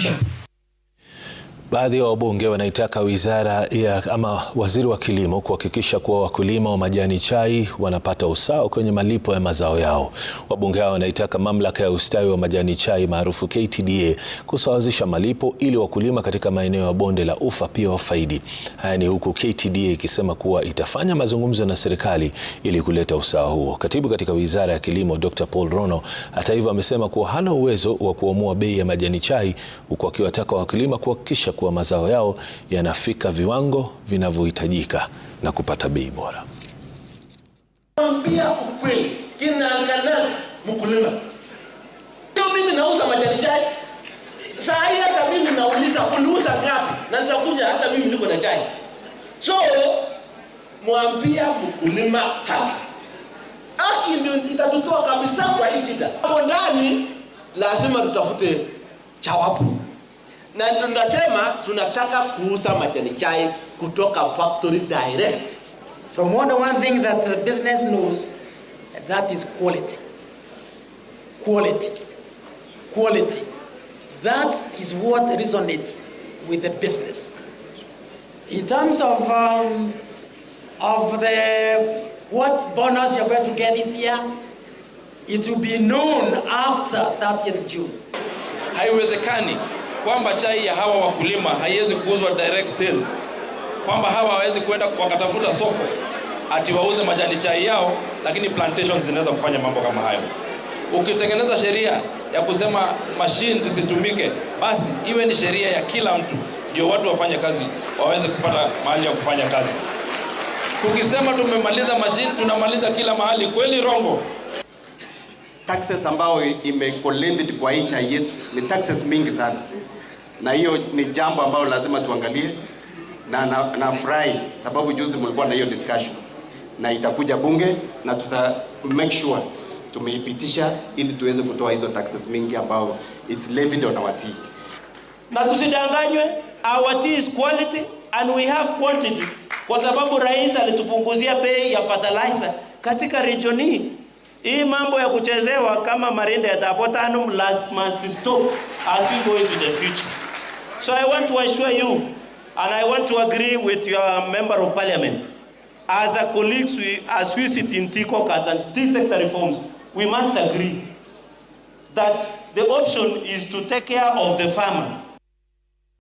чем Baadhi ya wabunge wanaitaka wizara ya ama waziri wa kilimo kuhakikisha kuwa wakulima wa majani chai wanapata usawa kwenye malipo ya mazao yao. Wabunge hao wanaitaka mamlaka ya ustawi wa majani chai maarufu KTDA kusawazisha malipo ili wakulima katika maeneo ya bonde la ufa pia wafaidi. Haya ni huku KTDA ikisema kuwa itafanya mazungumzo na serikali ili kuleta usawa huo. Katibu katika wizara ya kilimo Dr. Paul Rono hata hivyo amesema kuwa hana uwezo wa kuamua bei ya majani chai huku akiwataka wakulima kuhakikisha kuwa mazao yao yanafika viwango vinavyohitajika na kupata bei bora. mwambia ukweli, inaangalia mkulima. Ndio mimi nauza majani chai. Saa hii hata mimi nauliza uliuza ngapi? Na nitakuja hata mimi niko na chai. So mwambia mkulima haki. Haki ndio itatutoa kabisa kwa hii shida. Hapo ndani lazima tutafute chawapu na tunasema tunataka kuuza majani chai kutoka factory direct. From one, one thing that the business knows that is quality. Quality. Quality. That is what resonates with the business. In terms of um, of the what bonus you're going to get this year, it will be known after 30th June. Haiwezekani kwamba chai ya hawa wakulima haiwezi kuuzwa direct sales, kwamba hawa hawawezi kwenda wakatafuta soko ati wauze majani chai yao, lakini plantations zinaweza kufanya mambo kama hayo. Ukitengeneza sheria ya kusema mashine zisitumike, basi iwe ni sheria ya kila mtu, ndio watu wafanye kazi, waweze kupata mahali ya kufanya kazi. Tukisema tumemaliza machine, tunamaliza kila mahali, kweli rongo? taxes ambayo imecollected kwa nchi yetu ni taxes mingi sana, na hiyo ni jambo ambayo lazima tuangalie, na nafurahi na sababu juzi mlikuwa na hiyo discussion na itakuja bunge na tuta make sure tumeipitisha ili tuweze kutoa hizo taxes mingi ambayo it's levied on our tea. Na tusidanganywe, our tea is quality and we have quantity, kwa sababu rais alitupunguzia bei ya fertilizer katika region hii. Hii mambo ya kuchezewa kama Marinde yatapotanum last must stop as we go into the future. So I want to assure you and I want to agree with your member of parliament as a colleagues we, as we sit in TCOCAS and state sector reforms we must agree that the option is to take care of the farmer